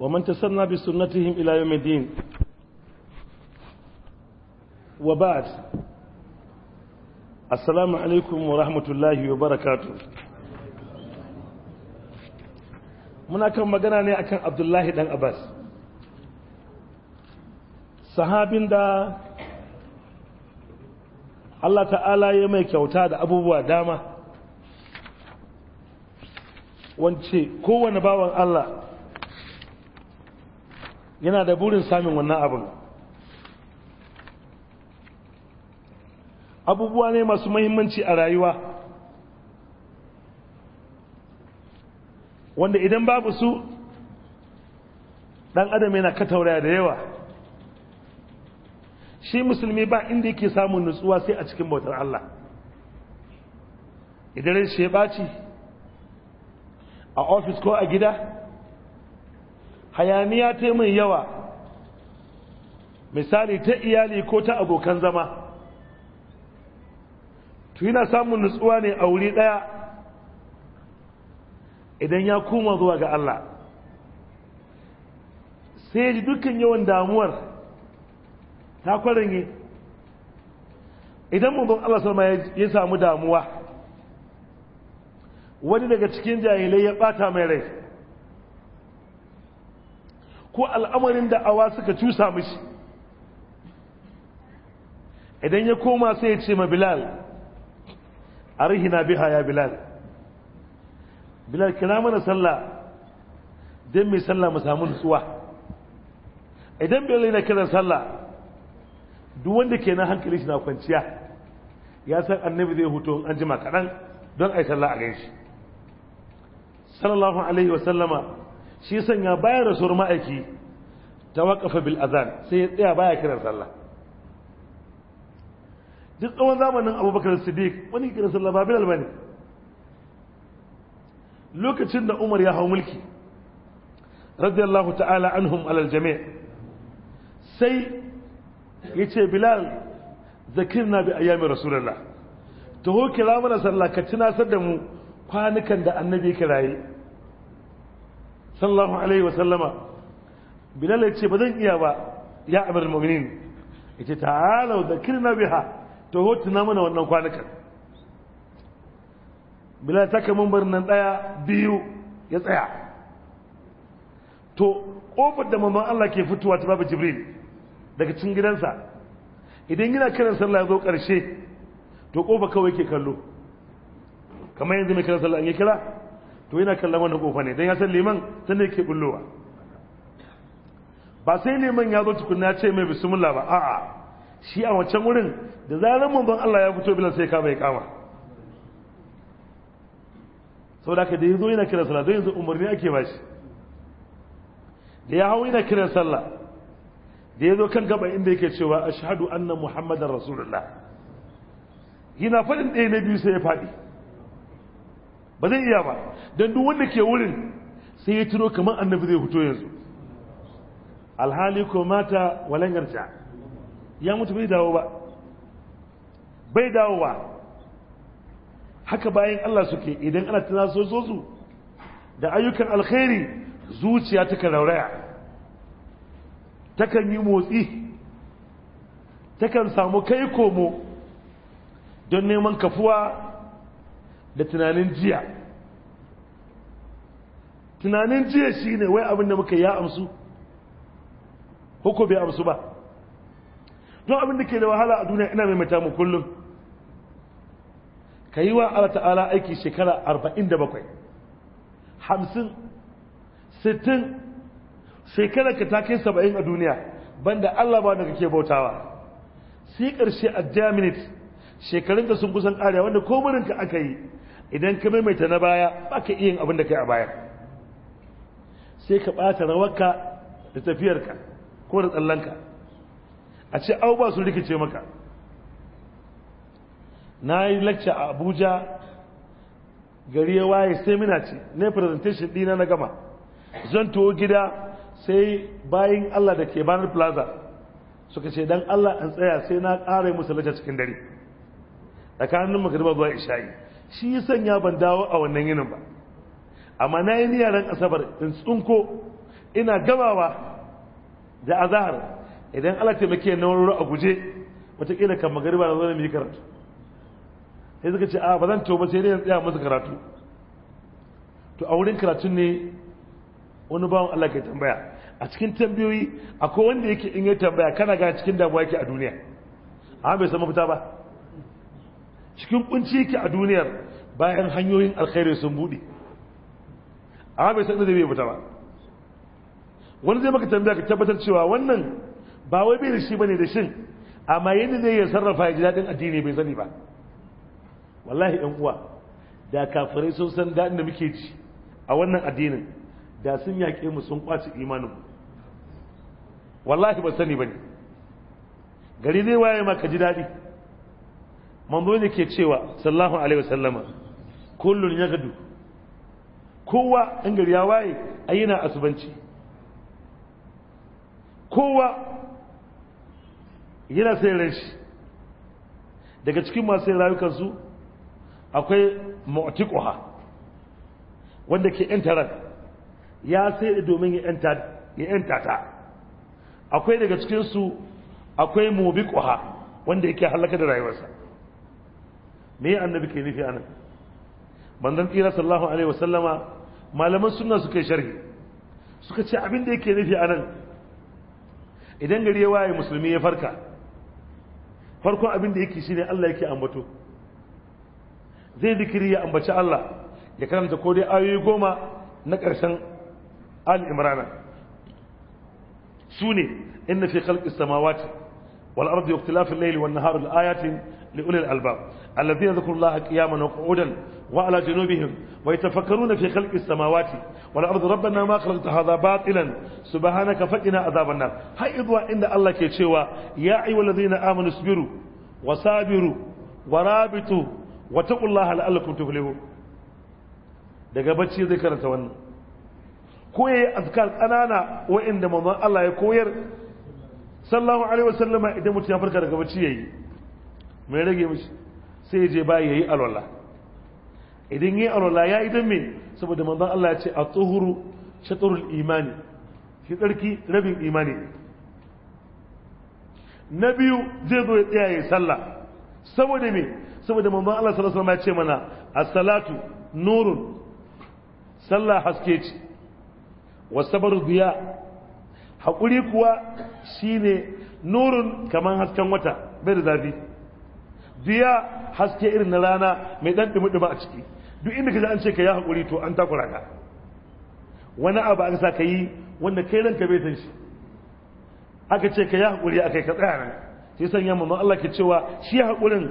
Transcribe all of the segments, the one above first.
ومن تسنى بسنتهم إلى يوم الدين وبعد السلام عليكم ورحمة الله وبركاته muna kan magana ne akan abdullahi dan abbas sahabin da allah ta'ala ya mai kyauta da abubuwa dama wance kowane bawan allah yana da burin samun wannan abin abubuwa ne masu mahimmanci a rayuwa wanda idan babu su dan adam yana kataura da yawa shi musulmi ba inda yake samun nutsuwa sai a cikin bautar Allah idan rai shi ya ɓaci a ofis ko a gida hayaniya ta mai yawa misali ta iyali ko ta abokan zama to yana samun nutsuwa ne a wuri ɗaya idan ya koma zuwa ga Allah sai dukkan yawan damuwar ta kwarange idan mabon Allah sama ya samu damuwa wani daga cikin jahilai ya bata mai rai ko al'amarin da awa suka cusa mishi idan ya koma sai ya ce ma bilal rihina biha ya bilal bilal kira mana sallah don mai sallah mu samu nutsuwa idan bilal na kiran sallah duk wanda ke na hankali shi na kwanciya ya san annabi zai hoto an jima kaɗan don a yi a gaishe sallallahu alaihi wasallama shi sanya bayan rasuwar ma'aiki ta waƙafa bil azan sai ya tsaya baya kiran sallah duk tsawon zamanin abubakar siddiq wani kiran sallah ba bilal bane lokacin da umar ya hau mulki radiyallahu ta'ala anhum alal jami' sai ya ce bilal na bi ayyami rasulullah taho kira mana sallah ka tunasar da mu kwanukan da annabi kiraye sallallahu alaihi wa sallama bilal ya ce ba zan iya ba ya amir mu'minin ya ce ta'ala da kirna biha to hotuna mana wannan kwanukan bilal ta kaman bar nan daya biyu ya tsaya to kofar da mamman Allah ke fitowa ta babu jibril daga cikin gidansa idan yana kiran sallah ya zo karshe to kofa kawai ke kallo kamar yanzu mai kiran sallah an yi kira to yana kallon wannan kofa ne don ya san liman ne ke bullowa ba sai liman ya zo ya ce mai bismillah ba a'a shi a wancan wurin da mun manzon Allah ya fito bilan sai ka bai kama saboda ka da zo yana kiran sallah don yanzu umarni ake ba shi da ya hau yana kiran sallah da zo kan gaba inda yake cewa ashhadu anna muhammadar rasulullah yana faɗin ɗaya na biyu sai ya faɗi ba zai iya ba don duk wanda ke wurin sai ya tiro kamar annabi zai fito yanzu alhali ko mata walangarta ya mutu bai dawo ba bai dawo ba haka bayan Allah suke idan ana tana so su da ayyukan alkhairi zuciya ta kan rauraya kan yi motsi Ta kan samu kai komo don neman kafuwa da tunanin jiya tunanin jiya shi ne wai abin da muka ya amsu ko amsu ba don abin da ke da wahala a duniya ina maimaita mu kullum ka yi wa Allah ta'ala aiki shekara 47 hamsin sittin shekara ka ta kai saba'in a duniya banda Allah ba da kake bautawa sai ƙarshe a jaminit shekarunka sun kusan ƙarewa wanda komarinka aka yi idan ka maimaita na baya ba ka iya yin abin da kai a baya sai ka ɓata rawarka da tafiyarka ko da tsallanka a ce au ba su rikice maka na yi lacca a abuja gari ya waye sai muna ce yi presentation dina na gama zan tuwo gida sai bayan allah da ke banar plaza suka ce dan allah an tsaya sai na ƙara musu lacca cikin dare tsakanin magariba zuwa isha'i shi yi sanya ban dawo a wannan yinin ba amma na yi niyaran asabar in tsunko ina gabawa da azahar idan ala taimake na wuri a guje wataƙila kan magariba na zanen mai karatu sai suka ce a ba zan ba sai dai tsaya masa karatu to a wurin karatun ne wani bawan Allah ke tambaya a cikin tambayoyi akwai wanda yake in yi tambaya kana ga cikin damuwa yake a duniya amma bai san mafita ba cikin kunci yake a duniyar bayan hanyoyin alkhairu sun buɗe amma bai san da zai fita ba wani zai maka tambaya ka tabbatar cewa wannan ba wai bai da shi bane da shin amma yadda zai ya sarrafa ya ji daɗin addini bai sani ba wallahi yan uwa da kafirai sun san daɗin da muke ci a wannan addinin da sun yaƙe mu sun kwace imanin wallahi ba sani bane gari zai waye maka ji daɗi manzo ne ke cewa sallallahu alaihi wasallama kullun yagdu kowa in gari ya waye ayina asubanci kowa yana sai rashi shi daga cikin masu rayukansu akwai mu'tiquha wanda ke intaran ya sai da domin ya yanta ta akwai daga cikinsu akwai mubiquha wanda yake halaka da rayuwarsa me annabi ke nufi anan manzon tsira sallallahu alaihi wasallama malaman sunna suka sharhi suka ce abin da yake nufi anan idan gari ya waye musulmi ya farka farkon abin da yake shine Allah yake ambato zai dikiri ya ambaci Allah ya karanta ko dai ayoyi goma na ƙarshen al imrana su ne inna fi khalqis samawati wal ardi ikhtilafil layli wan nahari ayatin li ulil albab الذين ذكروا الله قياما وقعودا وعلى جنوبهم ويتفكرون في خلق السماوات والارض ربنا ما خلقت هذا باطلا سبحانك فقنا عذاب النار هاي ادوا ان الله ke cewa ya ayu alladhina amanu sabiru wasabiru warabitu wattaqullaha la'allakum tuflihun daga bacci zai karanta wannan ko yayi azkar kanana wa'inda manzon Allah ya koyar sallallahu alaihi wasallama idan mutum ya farka daga bacci yayi mai rage mishi sai je ba yi alwala idan yayi alwala ya idan me saboda manzon Allah ya ce at-tuhuru shatrul imani shi tsarki rabin imani na biyu zai zo ya tsaya sallah saboda me saboda manzon Allah sallallahu alaihi ya ce mana a salatu nurun sallah haske ce wasabar biya haƙuri kuwa shine nurun kamar hasken wata bai da zafi diya haske irin na rana mai dan dumi a ciki duk inda kaje an ce ka ya hakuri to an takura ka wani abu an sa ka yi wanda kai ranka bai san shi aka ce ka ya hakuri akai ka tsaya nan sai sanya mamman Allah ke cewa shi hakurin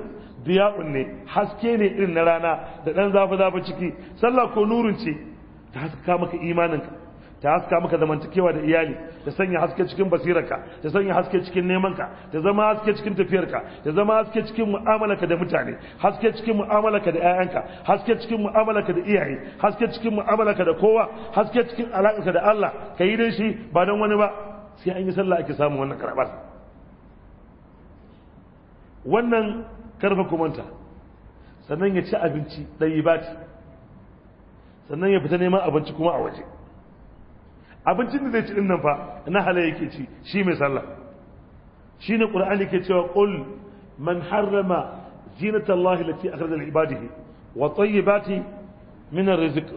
diya'un ne haske ne irin na rana da dan zafi zafi ciki sallah ko nurun ce ta haska maka imanin ka ta haska maka zamantakewa da iyali ta sanya haske cikin basirarka ta sanya haske cikin nemanka ta zama haske cikin tafiyarka ta zama haske cikin mu'amalarka da mutane haske cikin mu'amalarka da 'ya'yanka haske cikin mu'amalarka da iyaye haske cikin mu'amalarka da kowa haske cikin alaƙarka da Allah ka yi dan shi ba don wani ba sai an yi sallah ake samu wannan karabar wannan karfa kumanta sannan ya ci abinci ɗayi ba sannan ya fita neman abinci kuma a waje abincin da zai ci nan fa na hala yake ci shi mai sallah shi ne qur'ani ke cewa qul man harrama zinata allahi lati akhraja li ibadihi wa tayyibati min arrizq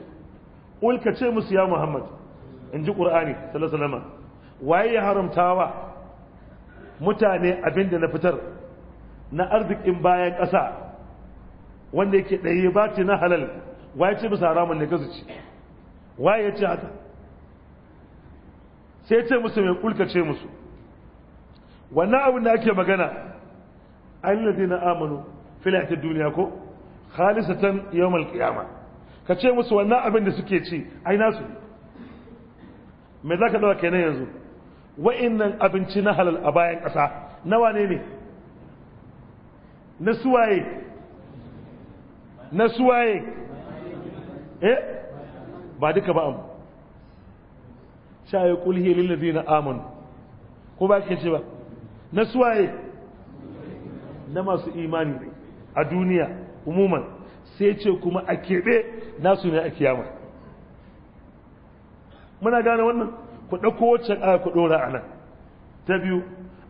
qul ka ce musu ya muhammad in ji qur'ani sallallahu waye ya haramtawa mutane abin da na fitar na arzikin bayan ƙasa wanda yake ɗaya ba ce na halal waye ce bisa haramun ne ka su ci waye ya ce haka sai ce musu mai kulka ce musu wannan abin da ake magana na amanu fil ta duniya ko khalisatan yawmal qiyamah ka ce musu wannan abin da suke ci ai nasu me zaka dawa kenan yanzu nan abinci na halal a bayan kasa nawa ne ne na suwaye na suwaye eh ba duka ba amma sai ya kulhi lil ladina amanu ko ba ke ce ba na suwaye na masu imani a duniya umuman sai ce kuma a keɓe nasu ne a kiyama muna gane wannan ku ɗauko wacce aya ku ɗora a nan ta biyu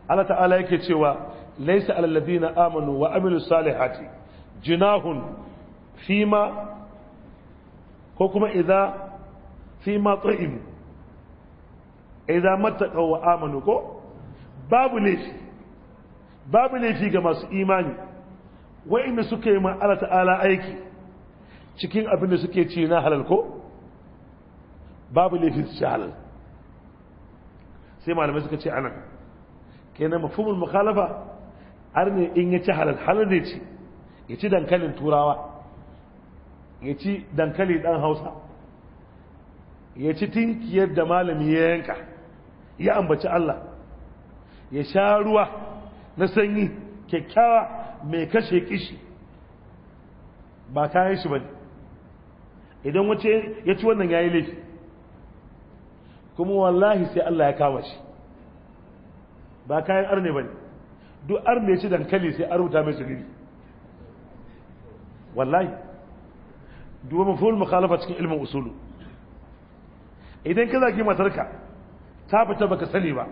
Allah ta'ala yake cewa laisa alladhina amanu wa amilu salihati jinahun fima ko kuma idza fima ta'im idza mattaqaw wa amanu ko babu laifi babu laifi ga masu imani wa'inda suka yi ma Allah ta'ala aiki cikin abin da suke ci na halal ko babu ne shi ci halal sai malamai suka ce anan kenan mafhumul mukhalafa arne in ya ci halal halal ne ci ya ci dankalin turawa ya ci dankali dan hausa ya ci tinkiyar da malami ya yanka ya ambaci Allah ya sha ruwa na sanyi kyakkyawa mai kashe kishi ba kayan shi ba ne idan wace ya ci wannan ya yi laifi kuma wallahi sai Allah ya kama shi ba kayan arne ba ne duk arne ci dankali sai an rubuta mai zunubi wallahi duba wani mukhalafa cikin ilmin usulu idan ka zagi matarka ta fita baka sani ba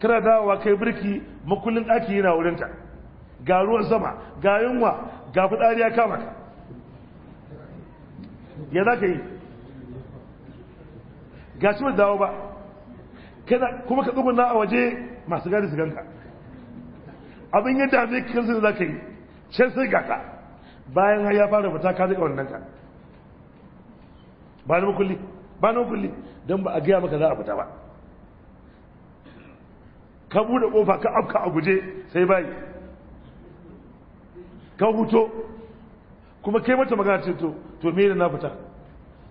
kana dawowa kai birki makullin ɗaki yana wurinka ga ruwan sama ga yunwa ga fitsari ya kama ka ya za ka yi ga shi dawo ba kuma ka na a waje masu gari su ganka abin yadda zai kansu za ka yi can sai gaka bayan ya fara fita ka zai wannan ka ba da makulli ba nan kulle don ba a gaya maka za a fita ba ka buɗe ƙofa ka afka a guje sai bayi ka huto kuma kai mata magana ce to to me na fita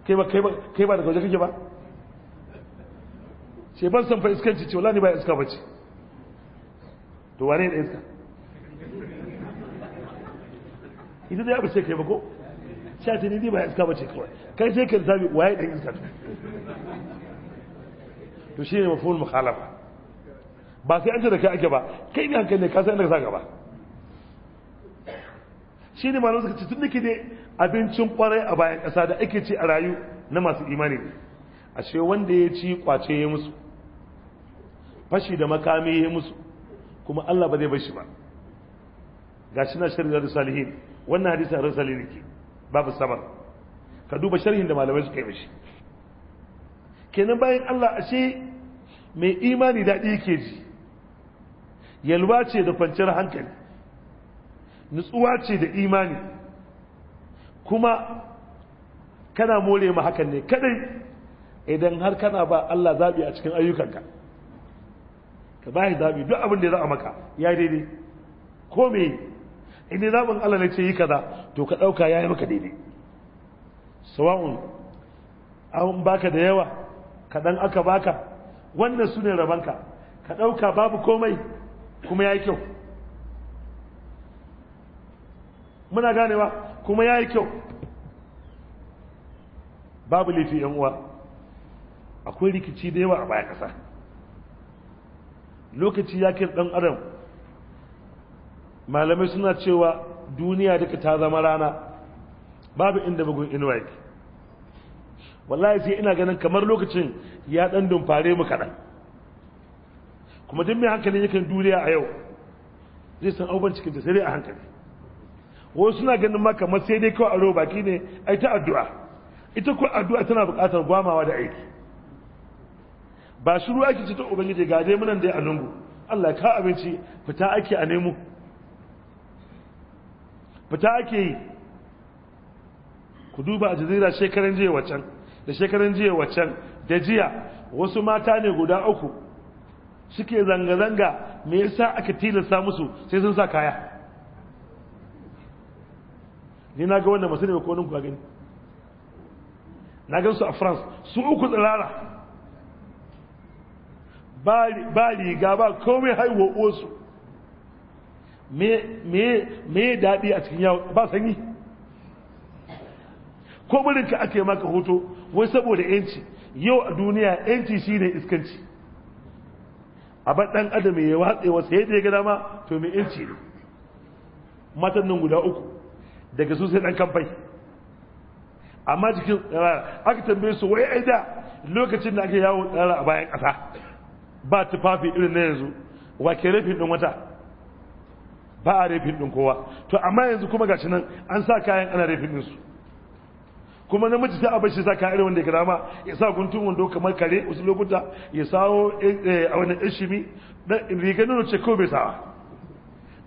kai ba kai ba daga waje kake ba ce ban san fa iskanci ce wala ni ba iska bace to wane da iska idan da ya bace kai ba ko sha ta ni ba iska bace kawai kai sai ka zabi waye dan iska to shi ne mafhumul mukhalafa ba sai an ce da kai ake ba kai ne hankali ka san da ka gaba shi ne malamu suka ce tun nake ne abincin kwarai a bayan ƙasa da ake ci a rayu na masu imani a ce wanda ya ci kwace ya musu fashi da makami ya musu kuma Allah ba zai bar shi ba shi na shirin da salihin wannan hadisi a rasali ne babu sabar ka duba sharhin da malamai suka yi mishi kenan bayan Allah ashe mai imani daɗi yake ji yalwa ce da kwanciyar hankali nutsuwa ce da imani kuma kana more ma hakan ne kadai idan har kana ba Allah zaɓi a cikin ayyukanka ka ba shi zaɓi duk abin da za a maka ya yi daidai ko me inda zaɓin Allah ne ce yi kaza to ka ɗauka ya yi maka daidai sawa'un an baka da yawa kaɗan aka baka wannan su ne rabanka ka ɗauka babu komai kuma ya yi kyau muna ganewa kuma ya yi kyau babu 'yan uwa akwai rikici da yawa a baya ƙasa lokaci ya kai ɗan adam malamai suna cewa duniya duka ta zama rana babu inda bugun inuwa yake wallahi sai ina ganin kamar lokacin ya dan dumfare mu kaɗan kuma duk mai hankali yakan duniya a yau zai san auban cikin da sai a hankali wasu suna ganin ma kamar sai dai kawai a roba baki ne ai ta addu'a ita ko addu'a tana buƙatar gwamawa da aiki ba shiru ake ce ta ubangiji ga dai munan dai a lungu Allah ka abinci fita ake a nemo fita ake yi ku duba a jazira shekaran jiya wacan da shekaran jiya wacan da jiya wasu mata ne guda uku suke zanga-zanga me yasa aka tilasta musu sai sun sa kaya ni na ga wanda masu ne ko ninku gani na gan su a france su uku tsirara ba riga ba komai haihuwa uwarsu me daɗi a cikin yawon ba sanyi ko birin ka ake maka hoto wai saboda yanci yau a duniya yanci ne iskanci a ban adam ya watse wasu ya gada ma to mai yanci ne matan nan guda uku daga su sai ɗan kamfai amma jikin aka tambaye su wai ai da lokacin da aka yawon tsara a bayan ƙasa ba tufafi irin na yanzu wa ke rafin ɗin wata ba a rafin ɗin kowa to amma yanzu kuma gashi nan an sa kayan ana rafin ɗinsu kuma namiji sai a bashi zaka irin wanda ya ma ya sa guntun wando kamar kare wasu lokuta ya sawo eh, eh, a wani ishimi da riga nono ce ko bai sawa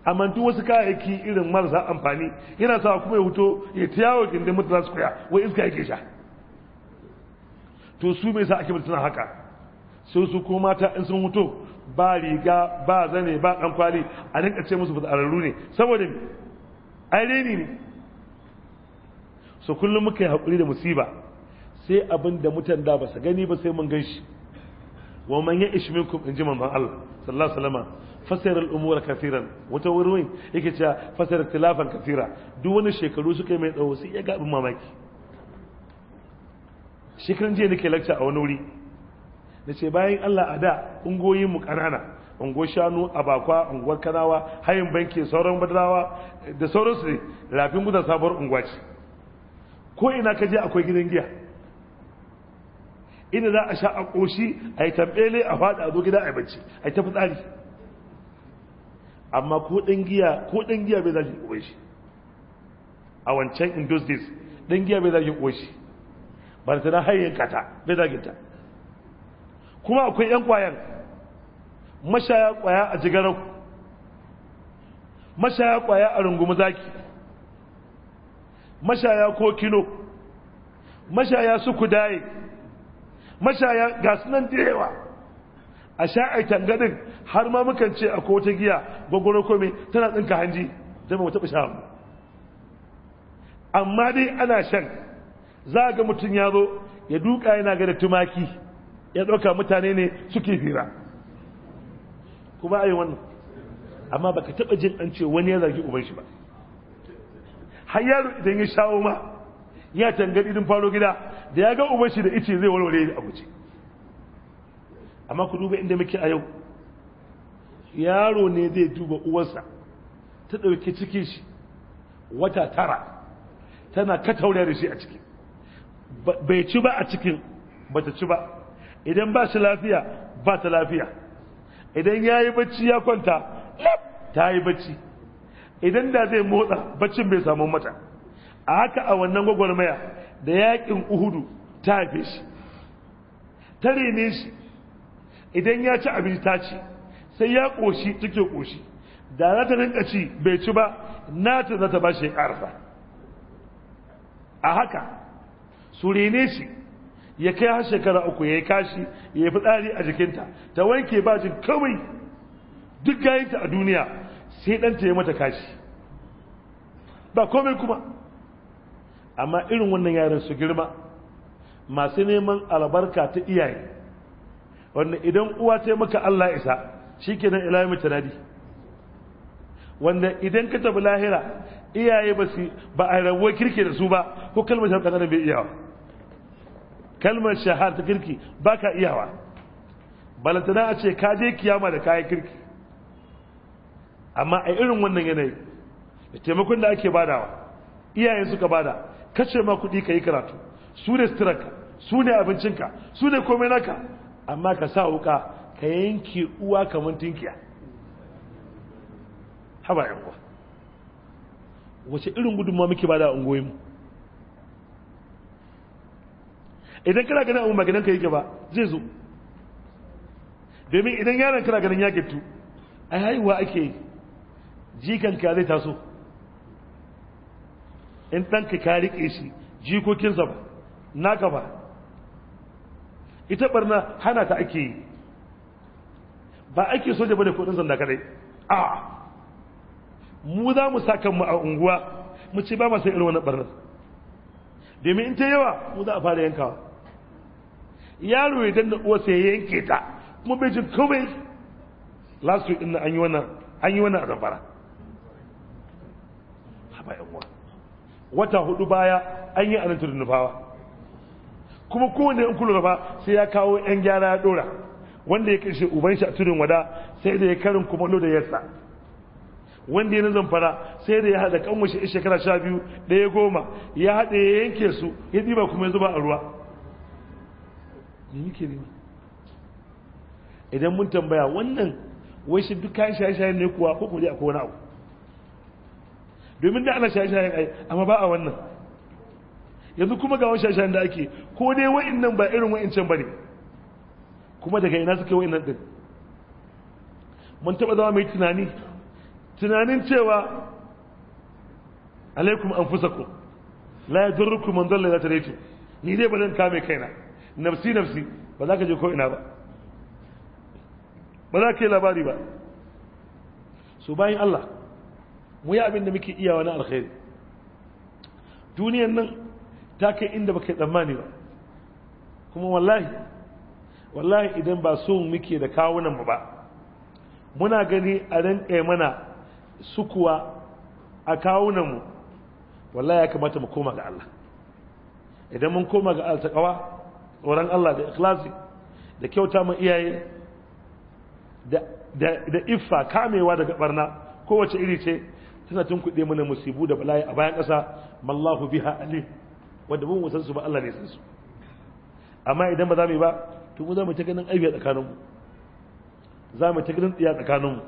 amma duk wasu kayayyaki irin marasa amfani yana sa kuma ya huto ya yawo gindin mutane su koya wai iska yake sha to su mai sa ake mutuna haka sai su ko mata in sun huto ba riga ba zane ba dan a rinka ce musu fasararru ne saboda ai reni ne so kullum muka yi haƙuri da musiba sai abin da mutan da ba su gani ba sai mun gan shi wa man ya ishi minkum in ji Allah sallallahu alaihi wasallam fasara al'umura kafiran wata wurin yake cewa fasara tilafan kafira duk wani shekaru suka yi mai tsawo sai ya ga mamaki shekaran jiya nake lakta a wani wuri na ce bayan Allah a da ungoyin mu ƙanana ungo shanu abakwa unguwar kanawa hayin banki sauran badarawa da sauransu ne lafin gudan sabuwar unguwa ko ina ka je akwai gidan giya inda za a sha a ƙoshi a yi tambele a faɗa a zo gida a yi bacci a yi ta fitsari amma ko ɗan giya ko ɗan giya bai za shi ƙoshi a wancan in those days ɗan giya bai za shi ƙoshi ba da tana hanyar kata bai zafi ta kuma akwai ƴan ƙwayan mashaya ƙwaya a jigarau mashaya ƙwaya a rungumi zaki mashaya ko kino mashaya su kudaye mashaya ga sunan direwa a sha'ai tangadin har ma mukan ce a kota giya gwagwaro kome tana tsinka hanji zama wata taɓa mu. amma dai ana shan za ga mutum ya zo ya duka yana ga da tumaki ya ɗauka mutane ne suke fira kuma a yi wannan amma baka taɓa jin an ce wani ya zargi uban shi ba har yaro idan ya shawo ma ya tangadi din faro gida da ya ga uban shi da ice zai warware a guje amma ku duba inda muke a yau yaro ne zai duba uwarsa ta ɗauki cikin shi wata tara tana kataure da shi a ciki bai ci ba a cikin bata ci ba idan ba shi lafiya ba ta lafiya idan ya yi bacci ya kwanta ta yi bacci idan da zai motsa baccin bai samu mata a haka a wannan gwagwarmaya da yakin uhudu ta haife shi ta rene shi idan ya ci abinci ta ci sai ya ƙoshi take ƙoshi da za ta rinka ci bai ci ba na ta za ta ba shi ƙarfa a haka su rene shi ya kai har shekara uku ya yi kashi ya yi fitsari a jikinta ta wanke bajin kawai duk gayinta a duniya sai ɗanta ya mata kashi ba komai kuma amma irin wannan yaran su girma masu neman albarka ta iyaye wanda idan uwa ta maka Allah isa shi kenan ilayen mutanadi wanda idan ka tafi lahira iyaye ba su ba a rabuwa kirki da su ba ko kalmar shahar ɗanar bai iyawa kalmar shahar ta kirki ba ka iyawa balantana a ce ka je kiyama da kayan kirki amma a irin wannan yanayi da taimakon da ake badawa iyayen suka bada kace ma kuɗi ka yi karatu su ne suturarka su ne abincinka su ne komai naka amma ka sa wuka ka yanke uwa kamar tinkiya haba yan uwa wace irin gudunmawa muke bada a ungoyinmu idan kana ganin abin maganin ka yake ba zai zo domin idan yaron kana ganin ya gittu a haihuwa ake yi jikanka zai taso in ɗanka ka riƙe shi jikokinsa ba naka ba ita barna hana ta ake yi ba ake soja bane kudin sanda kadai a mu za mu sa kanmu a unguwa mu ce ba mu sai irin wani ɓarnar domin in ta yawa mu za a fara yankawa yaro ya danna uwarsa ya yanke ta kuma bai jin komai last week din an yi wannan an yi wannan a zamfara haba wata hudu baya an yi anan nufawa kuma kowane yan kula ba sai ya kawo yan gyara ya dora wanda ya kashe uban shi a tudun wada sai da ya karin kumallo da yasa wanda ya nazan fara sai da ya haɗa kanwashi shekara sha biyu ɗaya goma ya haɗa ya yanke su ya ɗiba kuma ya zuba a ruwa idan mun tambaya wannan wai shi duk kayan shaye-shaye ne kuwa ko kuma dai akwai wani abu domin da ana shaye ai amma ba a wannan yanzu kuma ga wani shaye da ake ko dai wa'annan ba irin wa'ancan ba ne kuma daga ina suke wa'annan din mun taɓa zama mai tunani tunanin cewa alaikum an fusaku la ya durruku man zalla la ta ni dai ba zan kame kaina nafsi nafsi ba za ka je ko ina ba ba za ka yi labari ba so bayan Allah mu yi abin da muke iya wani alkhairi duniyan nan ta kai inda baka tsammani ba kuma wallahi wallahi idan ba so muke da kawunan mu ba muna gani a rinka mana sukuwa a kawunan mu wallahi ya kamata mu koma ga Allah idan mun koma ga Allah takawa tsoron Allah da ikhlasi da kyauta mu iyaye da da iffa kamewa daga barna kowace iri ce tun tunkuɗe mana musibu da bala'i a bayan ƙasa mallahu biha alim wanda mun wasan su ba Allah ne san su amma idan ba za mu yi ba to mu za mu ta ganin aibi a tsakanin mu za mu ta ganin tsiya tsakanin mu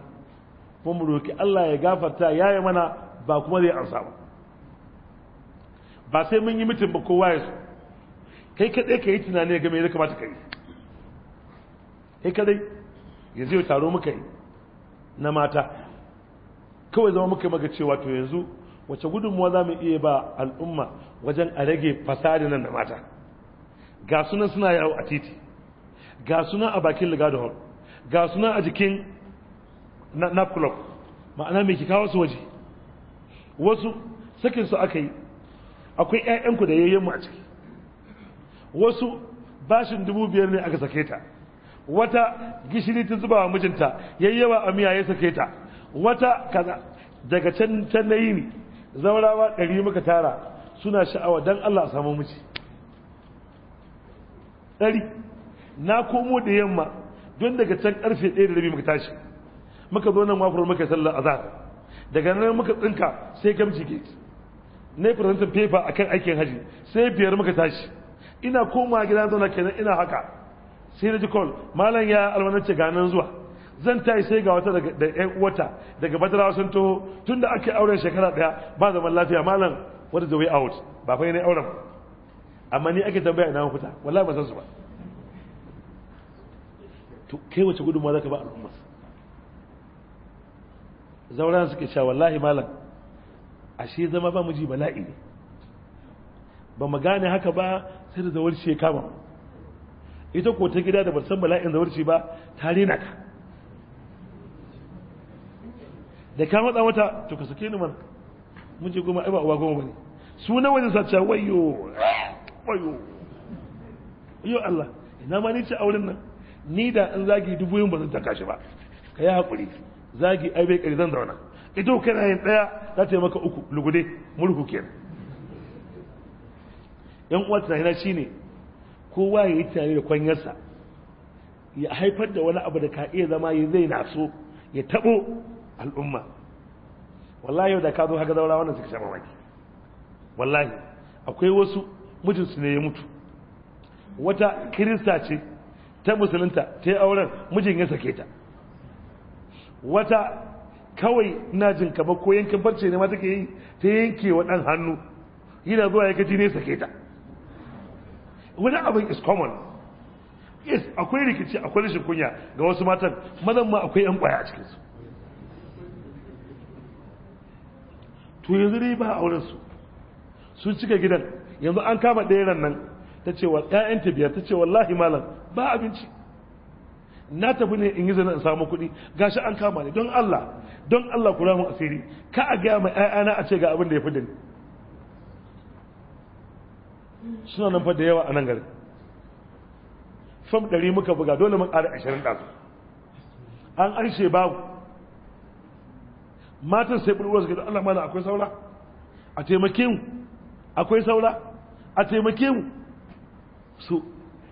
kuma mu roki Allah ya gafarta ya yi mana ba kuma zai ansa ba ba sai mun yi mutum ba kowa ya so kai kadai ka yi tunani game da kamata ka yi kai kadai yanzu ya taro muka yi na mata kawai zama muka maga cewa to yanzu wace gudunmuwa za mu iya ba al'umma wajen a rage fasadi nan da mata ga suna suna yawo a titi ga suna a bakin ligadon ga suna a jikin nap ma'ana mai kika wasu waje wasu sakin su aka yi akwai 'ya'yanku da yayyen mu a ciki wasu bashin dubu biyar ne aka sake ta wata gishiri ta zuba wa mijinta yayyawa a miya ya sake ta wata kaza daga can can na ni, zaurawa ɗari muka tara suna sha'awa don Allah samu mace ɗari na komo da yamma don daga can ƙarfe ɗaya da rabi muka tashi muka zo nan makwar muka sallar azhar daga nan muka tsinka sai gamji gate na yi paper akan aikin haji sai biyar muka tashi ina komawa gidan zauna kenan ina haka sai na ji call malam ya alwanar ce ganin zuwa zan yi sai ga wata da ƴan uwata daga badarawa sun taho tunda ake auren shekara daya ba zaman lafiya malam what is the way out ba fa ne auren amma ni ake tambaya ina mafita wallahi ba san su ba to kai wace gudunmawa zaka ba al'umma zauran suke cewa wallahi malam ashe zama ba mu ji bala'i ne ba mu gane haka ba sai da zawarci ya kama ita ko ta gida da ba san bala'in zawarci ba ta rena ka da ka matsa mata to ka sake ni mana mun goma ai ba uwa goma bane su na wani sace wayo wayo yo Allah ina ma ni ce auren nan ni da an zagi dubu yin bazan taka shi ba ka yi hakuri zagi ai bai kare zan zauna ido kana yin daya za ta yi maka uku lugude mulku kenan yan uwa tunanina ne kowa ya yi tunani da kwanyarsa ya haifar da wani abu da ka iya zama ya zai na so ya tabo al'umma wallahi yau da ka zo haka zaura wannan suka shafa waki wallahi akwai wasu mijinsu ne ya mutu wata kirista ce ta musulunta ta yi auren mijin ya sake ta wata kawai na jin kaba ko yankin barce ne ma take yi ta yanke wa ɗan hannu yana zuwa ya gaji ne sake ta wani abin is common yes akwai rikici akwai rashin kunya ga wasu matan mazan ma akwai yan ƙwaya a cikinsu to yanzu dai ba auren su sun cika gidan yanzu an kama ɗaya nan ta ce wa ƴaƴanta biyar ta ce wallahi malam ba abinci na tafi ne in yi zana samu kuɗi gashi an kama ne don Allah don Allah kula mu asiri ka a gaya ma ƴaƴana a ce ga abin da ya fi da ni suna nan fa da yawa a nan gari fam ɗari muka buga dole mun ƙara ashirin ɗazu an arshe babu matan sai bulwar ga Allah mana akwai saura a taimake mu akwai saura a taimake mu su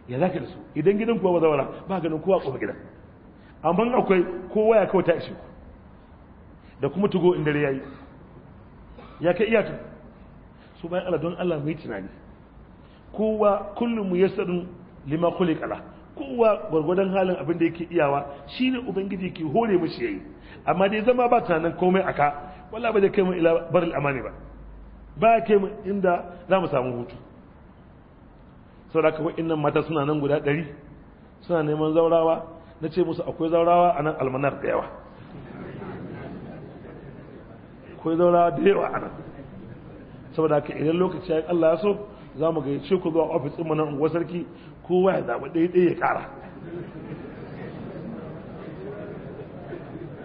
ya zaka da su idan gidan kuwa ba zaura ba nan kowa kofa gidan amma akwai kowa ya kawo ta ishe ku da kuma tugo in dare yayi ya kai iyaka su bayan Allah don Allah mai tunani kowa kullum mu yasadun lima khuliqa kowa gwargwadon halin abin da yake iyawa shine ubangiji ke hore mishi yayi amma dai zama ba tunanin komai aka wallahi ba zai kai mu ila baril amani ba ba kai mu inda za mu samu hutu saboda haka mata suna nan guda ɗari suna neman zaurawa na ce musu akwai zaurawa a nan almanar da yawa akwai zaurawa da yawa a nan saboda haka idan lokaci ya Allah ya so za mu ce ku zuwa ofis ɗin nan unguwar sarki kowa ya zaɓi ɗaya ɗaya ya ƙara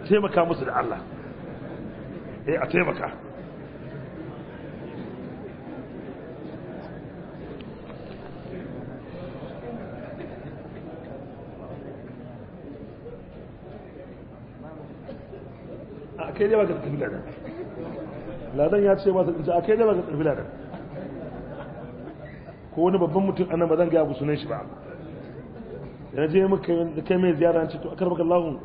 taimaka musu da Allah eh a taimaka a kai ne ba ka tafi ladan ladan ya ce masa a kai ne ba ka tafi ladan ko wani babban mutum annan ba zan gaya ku sunan shi ba yana je muka da kai mai ziyara an ce to akar baka Allahu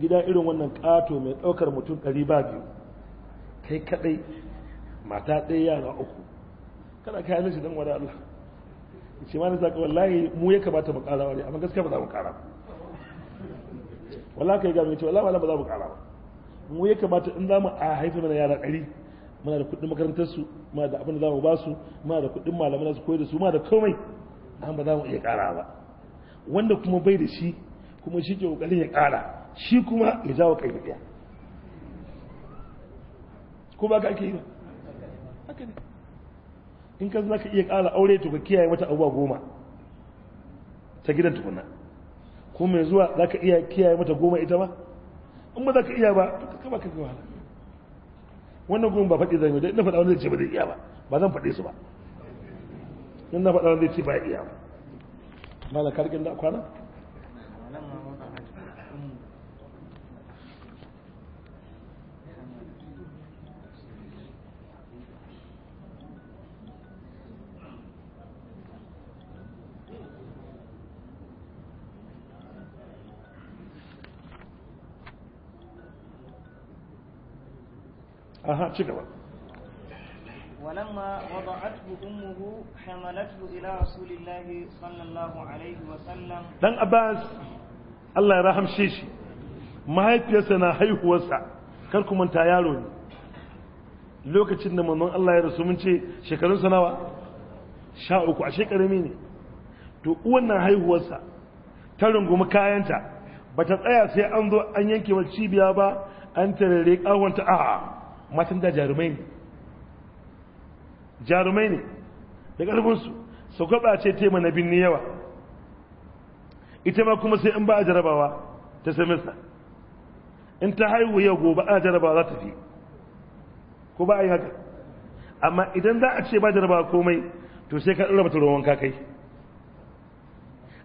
gida irin wannan kato mai daukar mutum 200 kai kadai mata ɗaya yara uku kana kai nashi dan wada Allah ce ma na zaka wallahi mu ya kamata mu kara wani amma gaskiya ba za mu kara wallahi kai ga mai ce wallahi ba za mu kara ba mu ya kamata in za mu a haifi mana yara ɗari muna da kuɗin makarantar su muna da abin da mu ba su muna da kuɗin malaman su koyar da su muna da komai an ba za mu iya ƙara ba wanda kuma bai da shi kuma shi ke kokarin ya ƙara shi kuma ya jawo kai biya ko ba ka ake yi ba haka ne in ka za ka iya ƙara aure to ka kiyaye mata abuwa goma ta gidan tukuna ko mai zuwa za ka iya kiyaye mata goma ita ba in ba za ka iya ba to ka kaba ka wahala wannan gudun ba faɗi zai yi na faɗa wanda zai ce ba zai iya ba ba zan faɗe su ba in na faɗa wanda zai ce ba iya ba malakar ƙin da kwana aha ci gaba ولما وضعته أمه حملته إلى رسول الله صلى الله عليه وسلم دان أباس الله يرحم شيشي ما هي بيسنا هي هو سع lokacin da manzon Allah ya rasu mun ce shekarun sa nawa sha uku a karami ne to uwan na haihuwarsa ta rungumi kayanta ba ta tsaya sai an zo an yanke wa cibiya ba an tarare ta a'a matan da jarumai ne jarumai ne da ƙarfinsu su ce tema na binni yawa ita ma kuma sai in ba a jarabawa ta semesta in ta haihu yau gobe a jarabawa za ta fi ko ba a yi haka amma idan za a ce ba jarabawa komai to sai ka ɗora mata ruwan kakai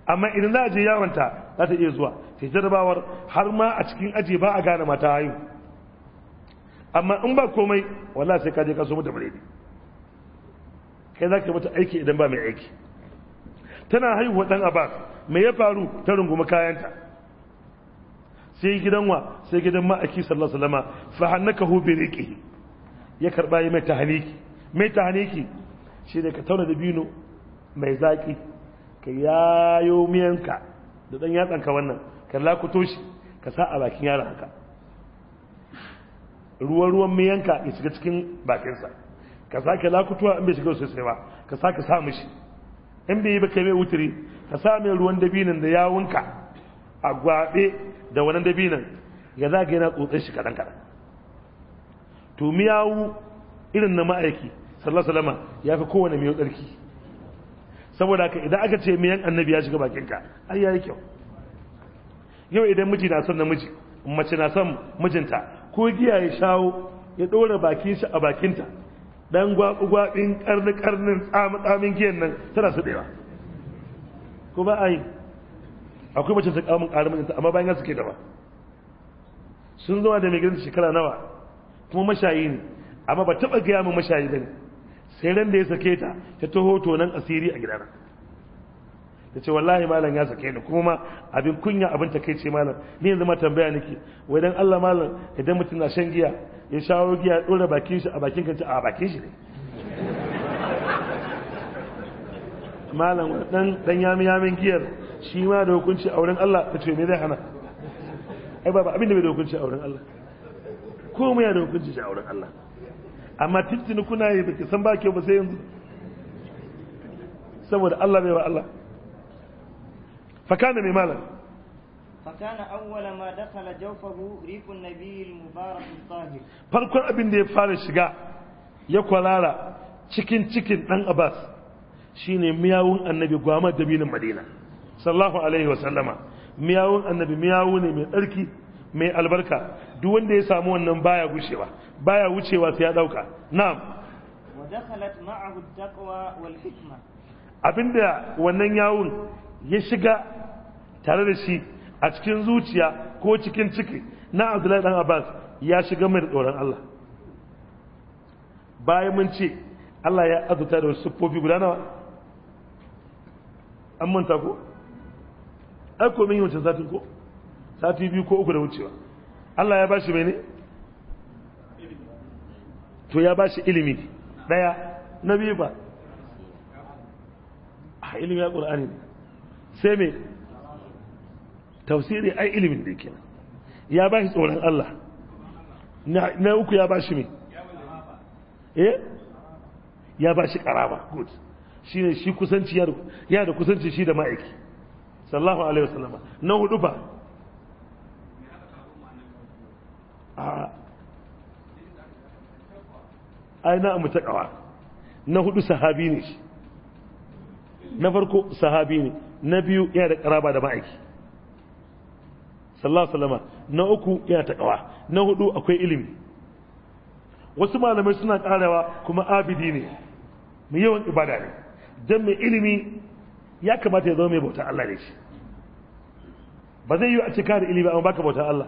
amma idan za a je yawanta za ta iya zuwa sai jarabawar har ma a cikin aji ba a gane mata haihu amma in ba komai wallahi sai ka je ka so mata biredi kai zaka ka mata aiki idan ba mai aiki tana haihuwa dan abbas me ya faru ta runguma kayanta sai gidan wa sai gidan ma'aki sallallahu alaihi wasallam fa hannakahu bi riqi ya karba yi mai tahniki mai tahniki shi ne ka tauna da mai zaki ka yayo miyanka da dan yatsanka wannan ka lakuto shi ka sa a bakin yaron haka ruwan ruwan miyanka ya shiga cikin bakinsa ka sake lakutuwa in bai shiga sai ba ka sake sa mishi in bai yi ba kai mai wuturi ka sa ruwan dabinin da yawunka a gwabe da wani dabinin ya zaga yana tsotsar shi kaɗan kaɗan to miyawu irin na ma'aiki sallallahu alaihi ya fi kowane miyau tsarki saboda ka idan aka ce miyan annabi ya shiga bakinka ai yayi kyau yau idan miji na son namiji mace na son mijinta ko jiya ya shawo ya ɗora bakin shi a bakinta dan gwaɓi-gwaɓin ƙarni-ƙarnin tsamin giyan nan tana su ɗewa ko ba a yi akwai mace ta kamun ƙaramin amma bayan suke da ba sun zama da mai gidan shekara nawa kuma mashayi ne amma ba taɓa gaya min mashayi ba ne sai ran da ya sake ta ta taho tonan asiri a gidana ta ce wallahi malam ya sake ni kuma abin kunya abin ta kai ce malam ni yanzu ma tambaya nake wai dan Allah malam idan mutum na shan giya ya shawo giya dora bakin shi a bakin kanta a bakin shi ne malam dan dan yami yamin giyar shi ma da hukunci a wurin Allah ta ce me zai hana ai baba abin da bai da hukunci a wurin Allah mu ya da hukunci a wurin Allah amma tittini kuna yi baki san ba ke ba sai yanzu saboda Allah bai wa Allah Fakana mai malam. Fakana auwala ma daƙa la jaufa hu rikon na biyun mubara musa'i. Farkon abin da ya fara shiga ya kula cikin-cikin ɗan Abbas shine miyawun anaɓi gwama da dabinin Madinah. Sallahu alaihi wa miyawun anaɓi miyawu ne mai ɗaki mai albarka duk wanda ya samu wannan baya bushewa baya wucewa sai ya ɗauka na. Mu daƙa la ma'ahutawa wal hikma. Abin wannan yawun. ya shiga tare da shi a cikin zuciya ko cikin ciki na abdullahi dan abbas ya shiga mai da tsoron allah bayan mun ce allah ya azuta da siffofi guda nawa an manta ko ai ko min yawancin satin ko sati biyu ko uku da wucewa allah ya ba shi ne to ya ba shi ilimi daya na biyu ba a ah, ilimin ya ƙul'ani ne sai mai tausiri ai ilimin da yake ya ba shi tsoron Allah na uku ya ba shi mai eh ya ba shi karama good shi ne shi kusanci ya da kusanci shi da ma'aiki sallahu alaihi wasallam na hudu ba ai na mutakawa na hudu sahabi ne shi na farko sahabi ne na biyu yana da karaba da ma'aiki sallallahu alaihi na uku yana takawa na hudu akwai ilimi wasu malamai suna karawa kuma abidi ne mai yawan ibada ne dan mai ilimi ya kamata ya zama mai bautar Allah ne shi ba zai yi a cika da ilimi amma baka bautar Allah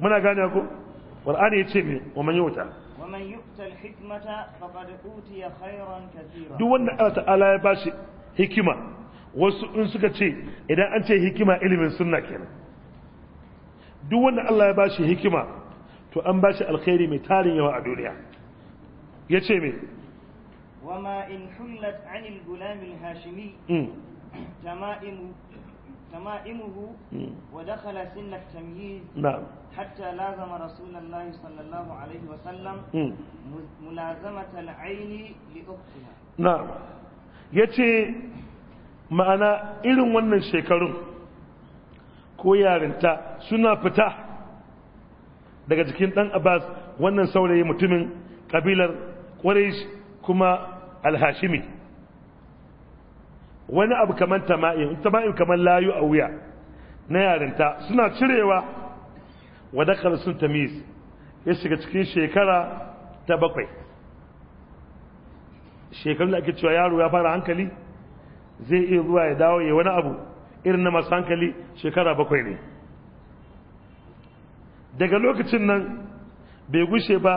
muna gane ko qur'ani ya ce mai wa man wuta. wa man yuta al-hikmata faqad utiya khayran katira duk wanda Allah ta'ala ya bashi hikima wasu in suka ce idan an ce hikima ilimin sunna kenan duk wanda Allah ya bashi hikima to an bashi alkhairi mai tarin yawa a duniya yace me wama in hullat anil gulam hashimi hmm. tama'imu تمائمه ودخل سن التمييز نعم حتى لازم Sallallahu alaihi wa sallam, عليه وسلم ملازمة العين لأختها نعم ya ce ma'ana irin wannan shekarun ko yarinta suna fita daga jikin ɗan abbas wannan saurayi mutumin kabilar ƙwarish kuma alhashimi wani abu kamar tama'in tama'in kamar layu a wuya na yarinta suna cirewa wadakar sun tamis ya shiga cikin shekara ta bakwai shekarun da ake cewa yaro ya fara hankali zai iya zuwa ya dawo ya wani abu irin na masu hankali shekara bakwai ne daga lokacin nan bai gushe ba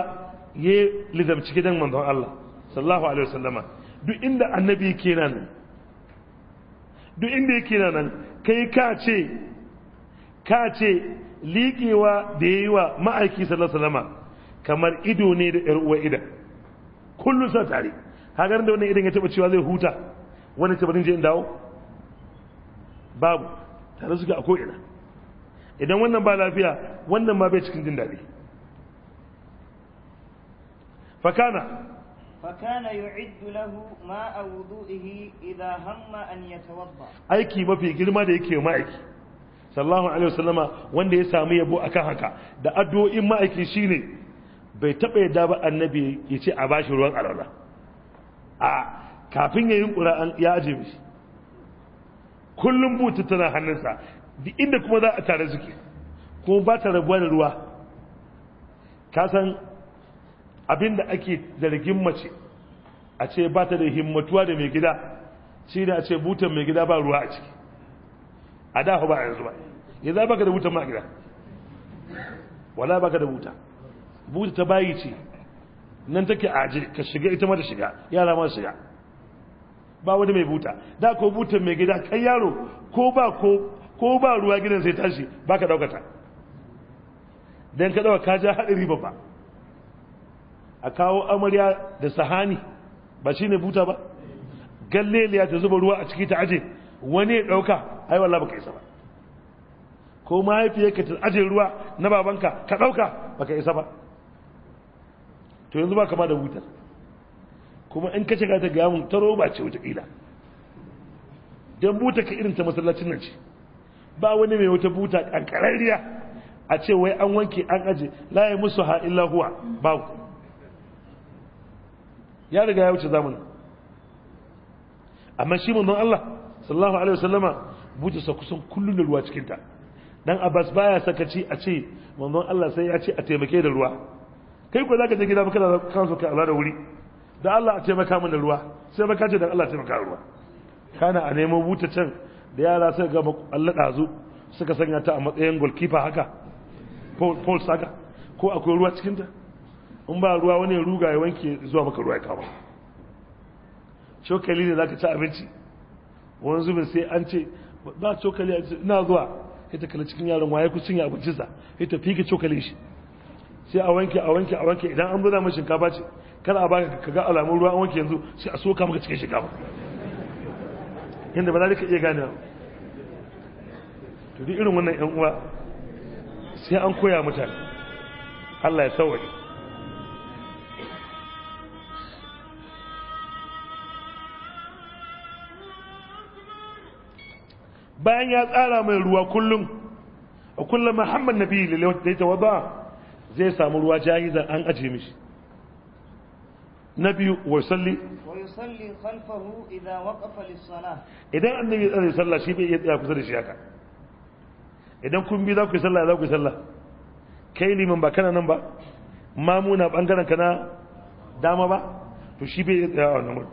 ya lizamci gidan manzon Allah Sallahu alaihi wasallama duk inda annabi yake nan duk inda yake nan kai ka ce ka ce liƙewa da yayi wa ma'aiki sallallahu alaihi wasallama kamar ido ne da ƴar uwa idan kullum sa tare hagarin da wannan idan ya taba cewa zai huta wani taba je dawo babu tare ga a ko'ina idan wannan ba lafiya wannan ma bai cikin jin daɗi fakana Fakana ma a wudu ihi idan hamma an أن tawabba aiki mafi girma da yake ma'aiki sallahu alaihi wasallama wanda ya samu yabo kan haka da addu'o'in ma'aiki shine bai taɓa yadda ba annabi ya ce a bashi ruwan alwala a kafin ya yunkura ya aje mishi kullum butu tana hannunsa duk inda kuma za a tare suke kuma ba ta rabuwa da ruwa kasan abinda ake zargin mace a ce ba ta da himmatuwa da mai gida shi ne a ce butan mai gida ba ruwa a ciki a dafa ba a yanzu ba ya za baka da butan ma gida wala baka da buta buta ta bayi ce nan take aje ka shiga ita ma da shiga yara ma shiga ba wani mai buta da ko buta mai gida kai yaro ko ba ko ko ba ruwa gidan sai tashi baka daukata dan ka dauka ka ja hadari babba a kawo amarya da sahani ba shine buta ba ya ta zuba ruwa a ciki ta aje wani ya dauka ai wallahi baka isa ba ko mahaifiyarka ta aje ruwa na babanka ka dauka baka isa ba to yanzu ba kama da wutar kuma in ka shiga ta gamun ta roba ce wata ƙila don buta ka irin ta masallacin nan ce ba wani mai wata buta ƙanƙararriya a ce wai an wanke an aje layi musu ha illa huwa ba ku ya riga ya wuce zamani amma shi mun don Allah sallallahu alaihi wasallama buta sa kusan kullun da ruwa cikin ta dan Abbas baya sakaci a ce manzon Allah sai ya ce a taimake da ruwa kai ko zaka je gida ba kana kan so ka ala da wuri da Allah a taimaka da ruwa sai baka ce da Allah taimaka ruwa kana a nemo buta can da yara suka ga Allah zu suka sanya ta a matsayin goalkeeper haka Paul Saga ko akwai ruwa cikin ta in ba ruwa wani ruga ya wanke zuwa maka ruwa ya kama cokali ne zaka ci abinci wani zubin sai an ce ba cokali ina zuwa ita kala cikin yaron waye ku cinye abincinsa ita fika cokali shi sai a wanke a wanke a wanke idan an buda mai shinkafa ce kar a baka kaga alamun ruwa an wanke yanzu sai a soka maka cikin shinkafa Yadda ba za ka iya gane to duk irin wannan yan uwa sai an koya mutane Allah ya sauwaje bayan ya tsara mai ruwa kullum a kullum muhammad nabi lillahi ta ya tawaba zai samu ruwa jayizan an aje mishi na biyu wa salli idan annabi ya tsare sallah shi bai iya tsaya kusa da shi haka idan kun bi za ku yi sallah za ku yi sallah kai liman ba kana nan ba mamuna bangaren ka na dama ba to shi bai iya tsayawa na wurin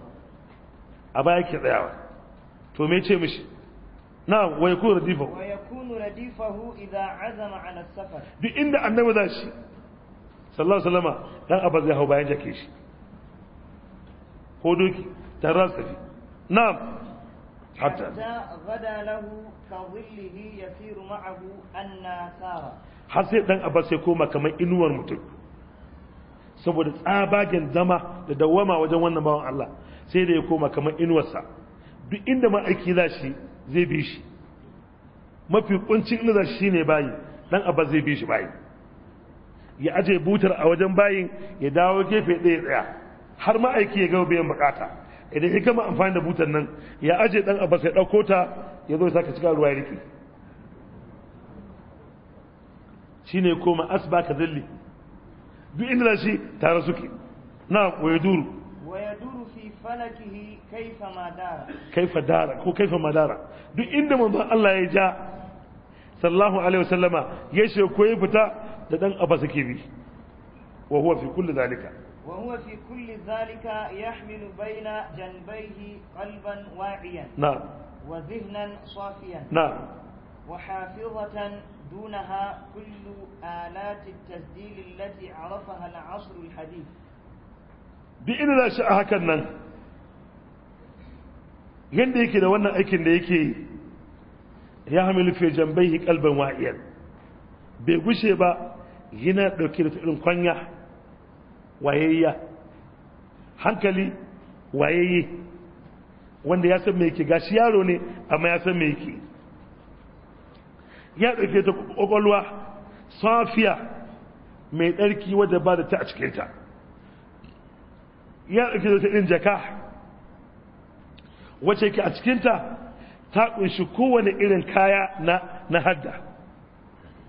a baya ke tsayawa to me ce mishi na'am wa yakunu radifahu wa yakunu radifahu idza azama ala safar duk inda annabi za shi sallallahu alaihi dan abaz zai hau bayan jake shi ko doki tarras tafi na'am hatta gada lahu ka dhillihi yasiru ma'ahu anna sara har sai dan inuwar mutum saboda tsabagen zama da dawama wajen wannan bawan Allah sai da ya koma kamar inuwarsa duk inda aiki za shi zai bi shi mafi kuncin inda shi shine bayi dan abba zai bi shi bayi ya aje butar a wajen bayin ya dawo gefe ɗaya tsaya har ma'aiki ya gama biyan bukata idan ya gama amfani da butar nan ya aje dan abba sai ɗauko ta ya zo ya saka cika ruwa ya rike shine koma asba ka zalli duk inda shi tare suke na wayaduru wayaduru فلكه كيف ما دار كيف دار كيف ما دار دي من الله يجا صلى الله عليه وسلم يشي كوي فتا دان ابا سكيبي وهو في كل ذلك وهو في كل ذلك يحمل بين جنبيه قلبا واعيا نعم وذهنا صافيا نعم وحافظة دونها كل آلات التسجيل التي عرفها العصر الحديث بإذن الله شاء هكذا yadda yake da wannan aikin da yake ya hamilu fiye jambai kalban wa'iyar bai gushe ba yana dauke da tudin kwanya wayayya hankali wayayye wanda ya san mai yake gashi yaro ne amma ya san mai yake ya dauke ta kwakwalwa safiya mai ɗarki wadda ba da ta a cikinta ya dauke da ta tudin jaka wacce yake a cikinta ta kunshi kowane irin kaya na hadda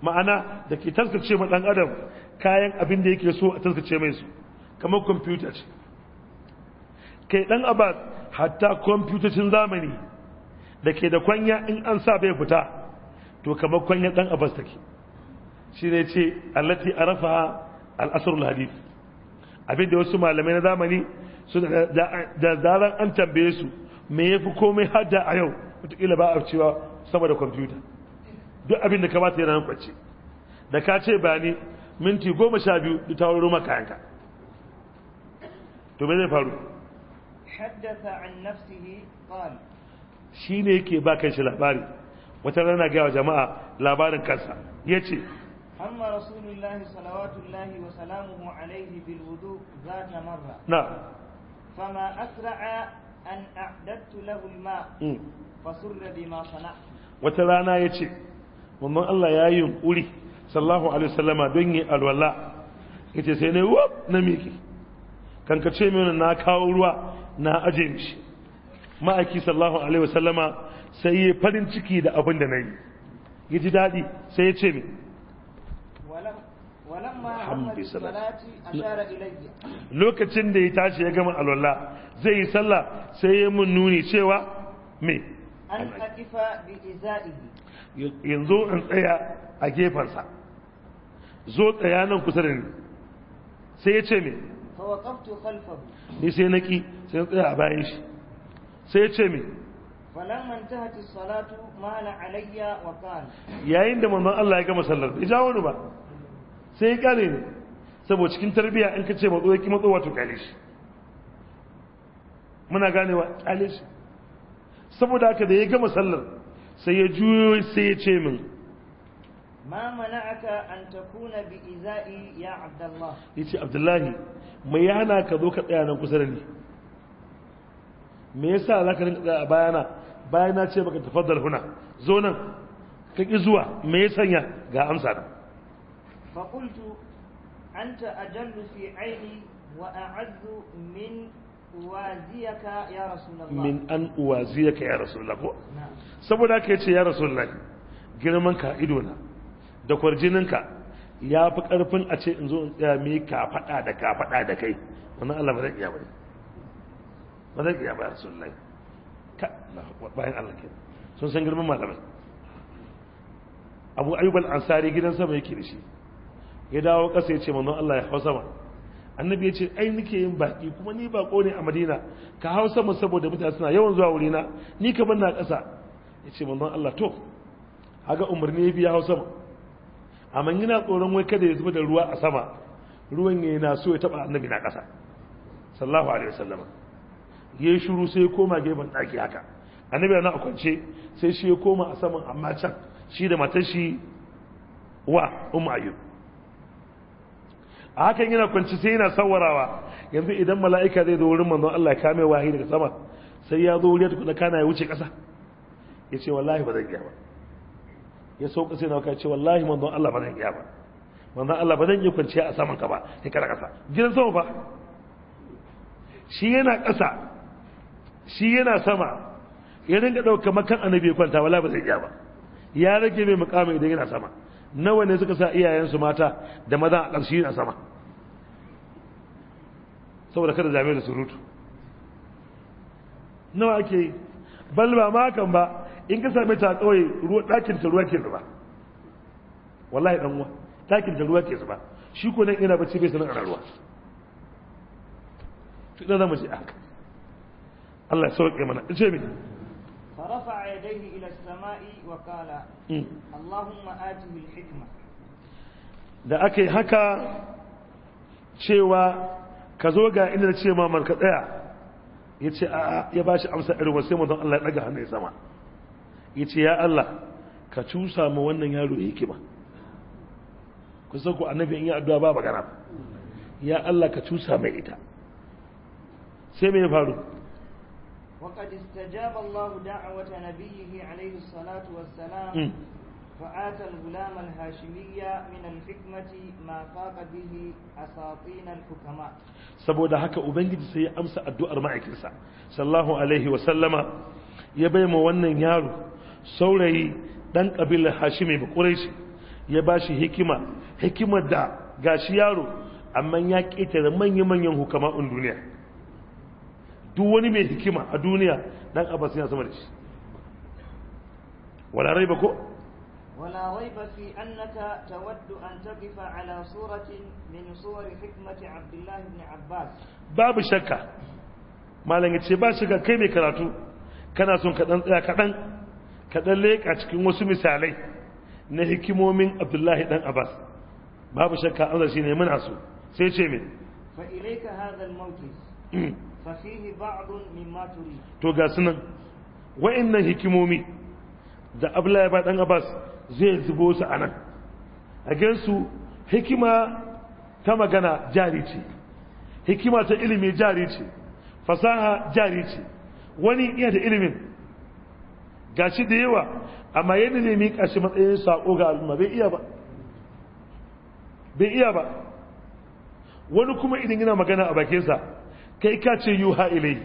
ma'ana da ke taskace ma dan adam kayan abin da yake so a taskace mai su kamar kwamfuta ce kai dan abbas hatta kwamfutocin zamani da ke da kwanya in an sa bai fita to kamar kwanya dan abbas take shi ne ce allati arafa al al'asar hadith abin da wasu malamai na zamani su da zaran an tambaye su me ya fi komai hada a yau wataƙila ba a cewa sama da kwamfuta duk abin da ka bata yana kwace da ka ce ba ni minti goma sha biyu da ta wuri yanka to me zai faru haddasa an nafsihi qal shi ne yake ba kan shi labari wata rana ga wa jama'a labarin kansa ce amma rasulullahi salawatullahi wa salamuhu alaihi bil wudu ta marra na fama asra'a an a'dattu lahu al-ma mm. surra bima sana wata rana yace mamman Allah ya yi yunkuri sallallahu alaihi wasallama don yi alwala yace sai ne wop na miki kan ka ce mini na kawo ruwa na aje mishi ma'aiki sallallahu alaihi wasallama sai ya farin ciki da abin da na yi ya ji daɗi sai ya ce mini hamdi salati lokacin da ya tashi ya gama alwala zai yi sallah sai ya mun nuni cewa mai. an aqifa bi izaihi yanzu in tsaya a gefansa zo tsaya nan kusa da ni sai ya ce me fa waqaftu khalfahu ni sai naki sai tsaya a bayan shi sai ya ce me فلما انتهت الصلاة مال علي وقال يا عند من الله يا كما صلى wani ba. sai ya kyale ne saboda cikin tarbiyya in ka ce matso ya ki matso wato kyale shi muna ganewa kyale shi saboda haka da ya gama sallar sai ya juyo sai ya ce min ma mana'aka an takuna bi iza'i ya Abdullahi. yace abdullahi mai yana ka zo ka tsaya nan kusa da ni me yasa zaka rinka tsaya a bayana bayana na ce baka tafaddal huna zo nan ka ki zuwa me ya sanya ga amsa na فقلت أنت أجل في عيني وأعز من أوازيك يا رسول الله من أن أوازيك يا رسول الله نعم سبب يا رسول الله girmanka idona da kwarjininka ya fi ƙarfin a ce in zo in tsaya mai kafaɗa da kafaɗa da kai Wani Allah ba zan iya bane ba zan iya ba rasulullahi ka bayan Allah ke sun san girman malamai Abu Ayyub ansari gidan sama yake da shi ya dawo kasa ya ce manzon Allah ya hau sama annabi ya ce ai nake yin baki kuma ni bako ne a madina ka hau sama saboda mutane suna yawan zuwa wurina ni ka na ƙasa ya ce manzon Allah to haga umarni ya biya hau sama amma yana tsoron wai kada ya zuba da ruwa a sama ruwan ya na so ya taba annabi na ƙasa sallallahu alaihi wasallam ya shiru sai koma gefen daki haka annabi yana kwance sai shi ya koma a saman amma can shi da matar shi wa umma ayyub a hakan yana kwanci sai yana sawarawa yanzu idan mala'ika zai zo wurin manzon Allah ya kame wahayi daga sama sai ya zo wuri ta kuɗa kana ya wuce ƙasa ya ce wallahi ba zan iya ba ya sauka sai nauka ya ce wallahi manzon Allah ba zan iya ba manzon Allah ba zan iya kwanciya a saman ka ba sai kana ƙasa gidan sama fa shi yana ƙasa shi yana sama ya dinga ɗauka makan annabi ya kwanta wala ba zan iya ba ya rage mai mukama idan yana sama nawa ne suka sa iyayensu mata da maza a ƙarshe a sama saboda kada zabe da surutu nawa ake yi bal ba kan ba in ka same ta kawai ɗakin ta ruwa ke zuba wallahi ɗan uwa ɗakin ta ruwa ke zuba shi ko nan ina bacci bai sanar a ruwa tuɗa zama ce haka Allah ya sauke mana ce mini فرفع يديه إلى السماء وقال اللهم آته الحكمة da aka yi haka cewa ka zo ga inda na ce mamar ka tsaya ya ce a ya ba shi amsa irin wasu yamma don Allah ya ɗaga hannun sama ya ce ya Allah ka cusa ma wannan yaro ya hikima kusan ku annabi in yi addu'a ba magana ya Allah ka cusa mai ita sai mai faru وقد استجاب الله دعوة نبيه عليه الصلاة والسلام فآتى الغلام الهاشمي من الحكمة ما فاق به أساطين الحكماء saboda haka ubangiji sai ya amsa addu'ar ma'aikinsa sallallahu alaihi wa sallama ya bai ma wannan yaro saurayi ɗan kabilar hashimi ba quraishi ya bashi hikima hikima da gashi yaro amma ya manya manyan manyan hukama'un duniya duk wani mai hikima a duniya dan abbas yana sama da shi wala rai ba ko wala ba fi annaka tawaddu an fa ala suratin min suwar hikmati abdullahi ibn abbas babu shakka malan yace ba shiga kai mai karatu kana son kaɗan tsaya kaɗan, kaɗan leƙa cikin wasu misalai na hikimomin abdullahi dan abbas babu shakka Allah shine muna so sai ce mai fa ilayka hadha al-mawqif hmm. to بعض مما turi. To ga sunan wa'annan hikimomi da abla ba dan abbas zai zubo su a nan, a su hikima ta magana jari ce hikima ta ilimi jari ce fasaha jari ce wani iya da ilimin Ga shi da yawa amma yadda ne miƙa shi matsayin sako ga al'umma bai iya ba bai iya ba wani kuma idan yana magana a bakinsa kai ka ce yuha ilai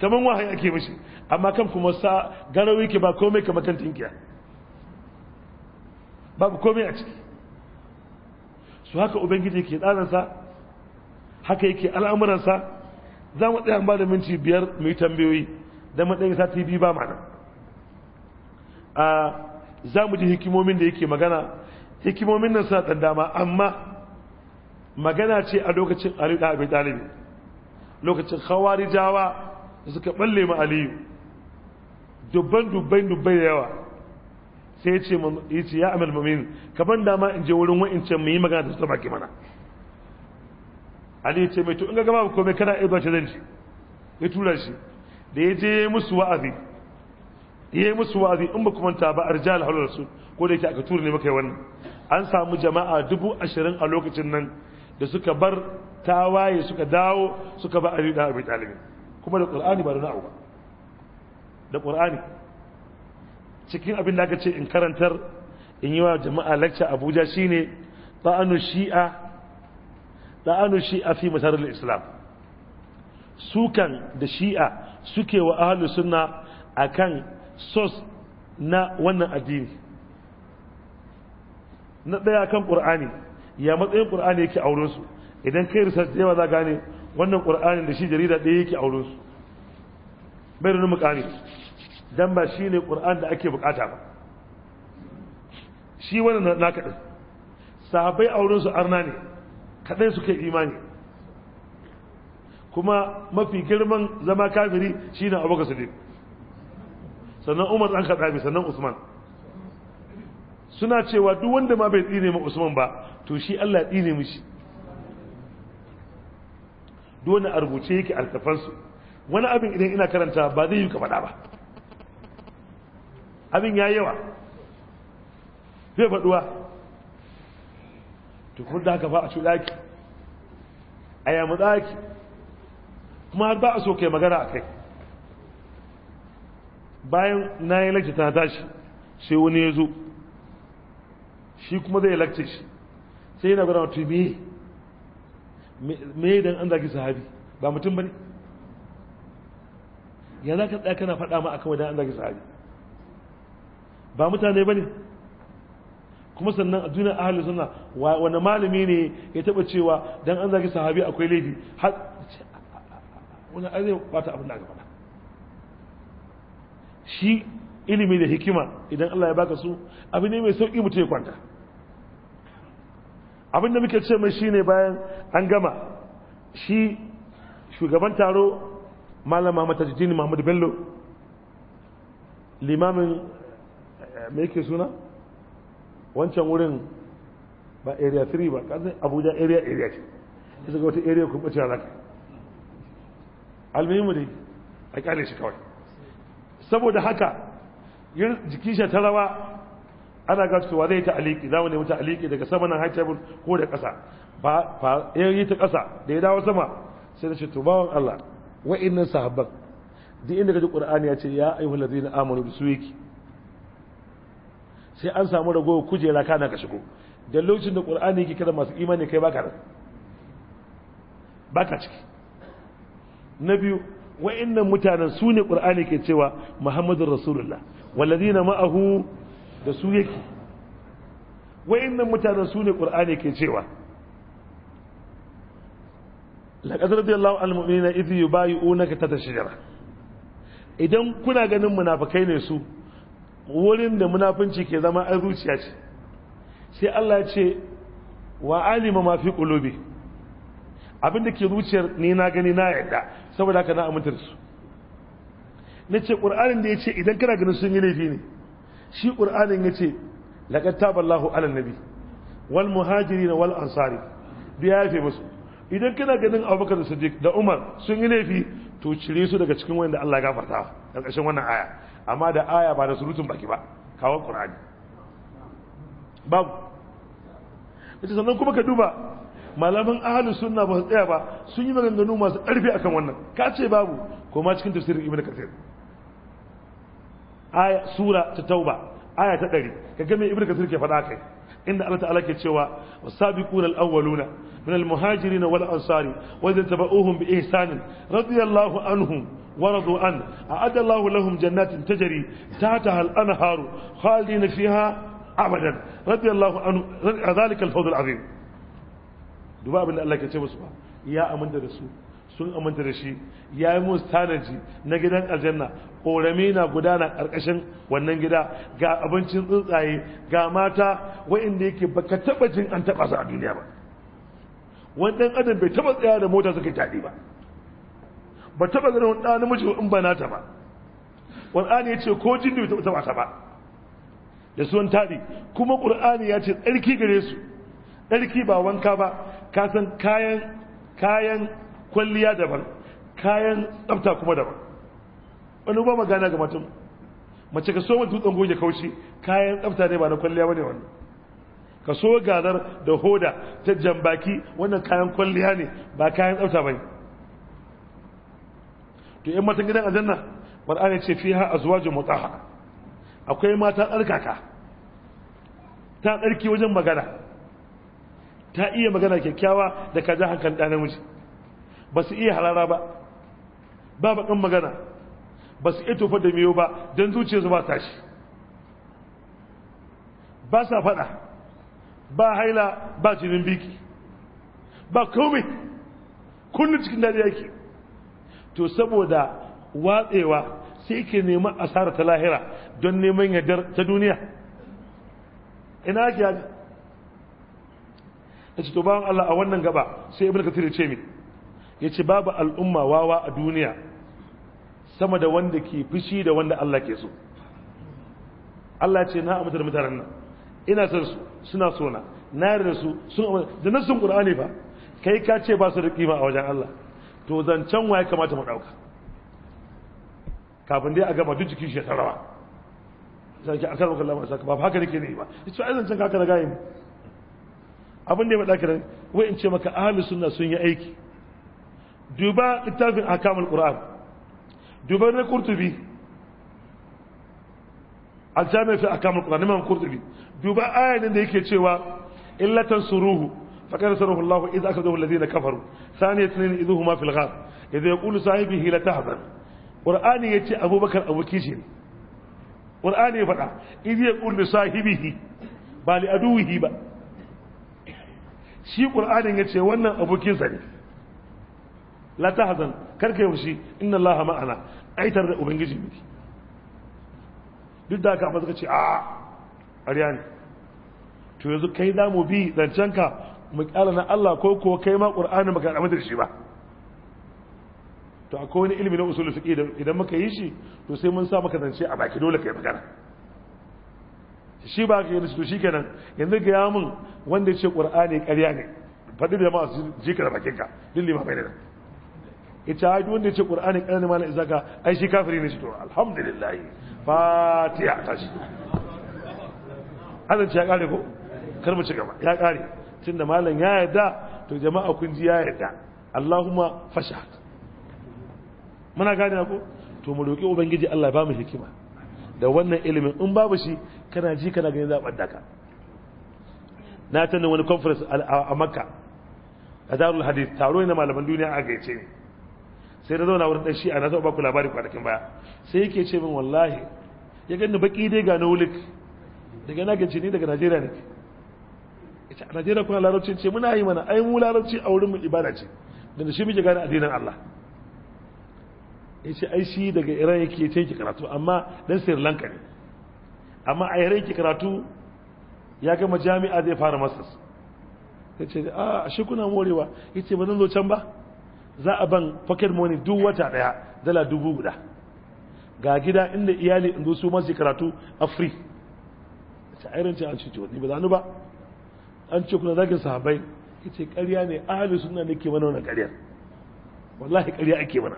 Kamar wahayi ake mashi amma kan kuma sa garawi ke ba komai kamar kan tinkiya babu komai a ciki su haka ubangiji ke tsaransa haka yake al'amuransa za mu an ba da minti biyar mai tambayoyi da matsayin sati biyu ba mana a za mu ji hikimomin da yake magana hikimomin nan suna ɗan dama amma magana ce a lokacin aliyu abin ɗalibi lokacin khawarijawa da suka balle ma aliyu dubban dubbai dubbai da yawa sai ya ce ya ce amal mamin kaban dama in je wurin wa'incan mu yi magana da su baki mana ali ya ce mai to in ga gaba komai kana iya zuwa zan zan ya tura shi da ya je musu wa'azi ya yi musu wa'azi in ba kuma ta ba arjal halar su ko da yake aka tura ne maka wannan an samu jama'a dubu ashirin a lokacin nan da suka bar tawaye suka dawo suka ba Ali da Abi Talib kuma da Qur'ani ba da na'u ba da Qur'ani cikin abin da aka ce in karantar in yi wa jama'a lecture Abuja shine ta'anu shi'a ta'anu shi'a fi masarul islam sukan da shi'a suke wa ahlus a kan sos na wannan addini na daya kan Qur'ani ya matsayin qur'ani yake a su idan kai research da yawa za gane wannan qur'anin da shi jarida ɗaya yake a wurin su bai da ne. dan ba shi ne qur'an da ake bukata ba shi wannan na kaɗin sahabai a arna ne kaɗai suke imani kuma mafi girman zama kafiri ne abubakar sadiq sannan umar an kaɗa sannan usman suna cewa duk wanda ma bai tsine ma usman ba to shi allah tsine mishi dole a rubuce yake su wani abin idan ina karanta ba zai yi ka faɗa ba abin ya yawa zai faɗuwa to kuma da haka ba a cuɗaki a yamu ɗaki kuma ba a so kai magana a kai bayan na yi lakci ta tashi sai wani ya zo shi kuma zai lakce shi sai yana gudanar mutum me me dan an zagi sahabi ba mutum bane ya za ka tsaya kana faɗa ma akan wajen an zagi sahabi ba mutane ne kuma sannan a duniya ahalin suna wani malami ne ya taɓa cewa dan an zagi sahabi akwai laifi har wani arzai ta abin da aka faɗa shi ilimi da hikima idan Allah ya baka su abu ne mai sauki mutum ya kwanta abin da muke ce mai shine bayan an gama shi shugaban taro malama matajidini mahmud Bello limamin eh, me yake suna wancan wurin ba area 3 ba kasan abuja area area ce isa ga wata area kuma ce alaka almuhimu dai a kyale shi kawai saboda haka jikin shi ta rawa ana ga cewa zai ta aliki za mu nemi ta aliki daga sama nan haitebul ko da ƙasa ba fa yi ta ƙasa da ya dawo sama sai da ce to bawon Allah inna sahabban duk inda ga Qur'ani ya ce ya ayyuhal ladina amanu bisuiki sai an samu ragowar kujera kana ka shigo da lokacin da Qur'ani yake kada masu imani kai baka nan baka ciki na biyu wa'innan mutanen su ne ƙur'ani ke cewa muhammadun rasulullah na ma'ahu da su yake nan mutanen su ne qur'ani ke cewa laqad radiyallahu anil mu'minina idh yubayi'unaka tata shajara idan kuna ganin munafakai ne su wurin da munafinci ke zama an zuciya ce sai Allah ya ce wa alima ma fi qulubi abinda ke zuciyar ni na gani na yadda saboda haka na amintar su na ce ƙur'anin da ya ce idan kana ganin sun yi laifi ne shi ƙur'anin ya ce laƙatta ballahu alal nabi wal muhajiri na wal ansari da ya yafe musu idan kana ganin abubakar da sadiq da umar sun yi laifi to cire su daga cikin wanda allah gafarta a ƙarshen wannan aya amma da aya ba da surutun baki ba kawo ƙur'ani babu ita sannan kuma ka duba malaman ahalus sunna ba su tsaya ba sun yi maganganu masu ƙarfi akan wannan ka ce babu ko ma cikin tafsirin ibn kathir aya sura ta tauba aya ta ɗari ka game ibrika ke faɗa kai inda Allah ta'ala ke cewa wasabiqun al-awwaluna min al-muhajirin wal ansari wa idza tabauhum bi ihsan radiyallahu anhum wa radu an a'adda Allahu lahu jannatin tajri tahta al-anharu khalidin fiha abadan radiyallahu anhu radiyallahu dhalika al-fawz al duba abin da Allah ke ce musu ba ya amanda da su sun aminta da shi ya yi musu tanaji na gidan aljanna ƙorami na gudana ƙarƙashin wannan gida ga abincin tsuntsaye ga mata wa'inda yake ba ka taɓa jin an taɓa su a duniya ba wannan adam bai taɓa tsaya da mota suka taɗi ba ba taɓa zana wani ɗan namiji in ba nata ba ƙur'ani ya ce ko jinni bai taɓa ta ba da suwan taɗi kuma ƙur'ani ya ce tsarki gare su tsarki ba wanka ba ka san kayan kayan kwalliya daban kayan tsabta kuma daban wani ba magana ga mutum mace ka so mai dutsen goge kaushi kayan tsabta ne ba na kwalliya bane wani ka so gazar da hoda ta jambaki wannan kayan kwalliya ne ba kayan tsabta bane to yan matan gidan aljanna qur'an ya ce zuwa azwajun mutahhara akwai mata tsarkaka ta tsarki wajen magana ta iya magana kyakkyawa da ja hankali ɗanar namiji ba su iya harara ba ba bakan magana ba su iya tofa da miyo ba don zuciyarsu ba tashi ba sa faɗa ba haila ba jinin biki ba komi kullum cikin daɗi yake to saboda watsewa sai ke neman asara ta lahira don neman yadda ta duniya ina ake yaji ta ce to bayan Allah a wannan gaba sai ibn kathir ya ce min ya ce babu al'umma wawa a duniya sama da wanda ke fushi da wanda Allah ke so Allah ce na amintar mutanen nan ina son su suna sona na yarda su sun amintar da nassun qur'ani fa kai ka ce ba su da kima a wajen Allah to zancen waye kamata mu dauka kafin dai a gama duk jikin shi ya tarawa sai ki akar Allah ma saka ba haka nake ne ba ce ai zancen ka ka raga yi abin da ya faɗa ka wai in ce maka ahlus sunna sun yi aiki duba littafin akamul qur'an duba na kurtubi aljami fi akamul qur'an imam kurtubi duba ayatin da yake cewa illatan suruhu faqad sarahu Allah idza akadahu alladhina kafaru saniyatan idhuhuma fil ghar idza hila ta la tahzan qur'ani ce abubakar abokin shi qur'ani ya faɗa fada idza yaqulu hi, ba li aduwihi ba shi ya ce wannan abokinsa ne لا تحزن كرك يوشي إن الله ma'ana aitar da أبنجي ne duk da haka آه suka ce a مبي ne to yanzu kai za mu bi zancenka mu kyala Allah ko kai ma shi ba to akwai wani ilimi na usulul fiqh idan muka yi shi to sai mun sa maka zance a baki dole kai magana shi ba ka yi to shikenan yanzu ga yamin wanda ya ce qur'ani ƙarya ne faɗi da ma su jika da bakinka dilli ma bai da ita haidu wanda ya ce ƙur'ani ƙananin malar izaka ai shi kafiri ne shi to alhamdulillah fatiha ta shi azanci ya ƙare ko karbi ci gaba ya ƙare tun da malam ya yarda to jama'a kun ji ya yarda allahumma fasha. muna gane ko to mu roƙi ubangiji allah ba mu hikima da wannan ilimin in babu shi kana ji kana ganin zaɓar daka na tanin wani conference a makka a darul hadith taro ne malaman duniya a gaice ne sai na zauna wurin ɗan shi'a na zo ba ku labari kwanakin baya sai yake ce min wallahi ya ganni baki dai ga na wulik daga na gaji ni daga Najeriya ne ce a Najeriya kuna larabci ce muna yi mana ai mu larabci a wurin mu ibada ce da shi muke gane addinin Allah ce ai shi daga Iran yake ce yake karatu amma dan Sri Lanka ne amma a yare yake karatu ya gama jami'a zai fara Ya ce a ah, shi kuna morewa yace ba zan zo can ba za a ban pocket money duk wata daya dala dubu guda ga gida inda iyali in su masu karatu a free ta irin ce an cuci wani ba zanu ba an ce kuna zagin sahabai ya ce karya ne ahalu suna ne ke mana wani karyar wallahi karya ake mana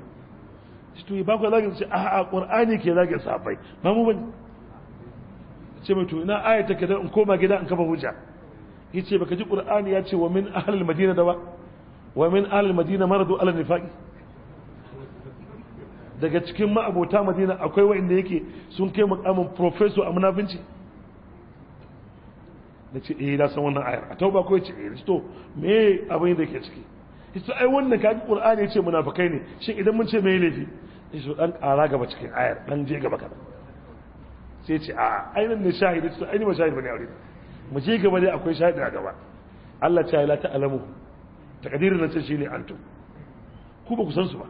ci to ba ku zagin ce a a ƙwar'ani ke zagin sahabai ba mu bane ce mai to ina ayyata ka da in koma gida in kafa hujja yace baka ji ƙwar'ani ya ce wa min ahlul madina da ba wa min alil madina maradu ala nifaqi daga cikin ma'abota madina akwai wa'inda yake sun kai mukamin professor a munafinci da ce eh na san wannan ayar a tauba ko ce eh to me abin da ke ciki ita ai wannan kaji qur'ani ya ce munafikai ne shin idan mun ce me laifi sai su dan kara gaba cikin ayar dan je gaba kada sai ce a ainin ne shahidi to ainin ba shahidi bane aure mu je gaba dai akwai shahidi a gaba Allah ta yi la ta'lamu takadirin nan an tun ku ba ku san su ba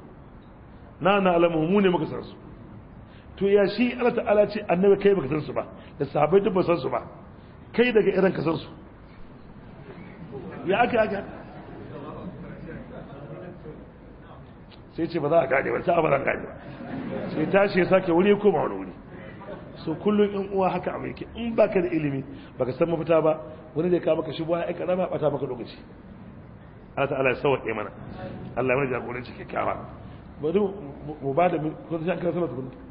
na na alamu mu ne muka san su to ya shi Allah ta'ala ce annabi kai baka san su ba da sahabbai duk ba san su ba kai daga irin ka san su ya aka aka sai ce ba za a gane ba ta ba za gane ba sai tashi ya sake wuri ko ma wani wuri so kullum in uwa haka a yake in baka da ilimi baka san mafita ba wani da ka maka shi ba ya karama bata maka lokaci Allah ta'ala ya sauke mana Allah ya mana jagoranci kyakkyawa bari mu ba da kun san kan salatu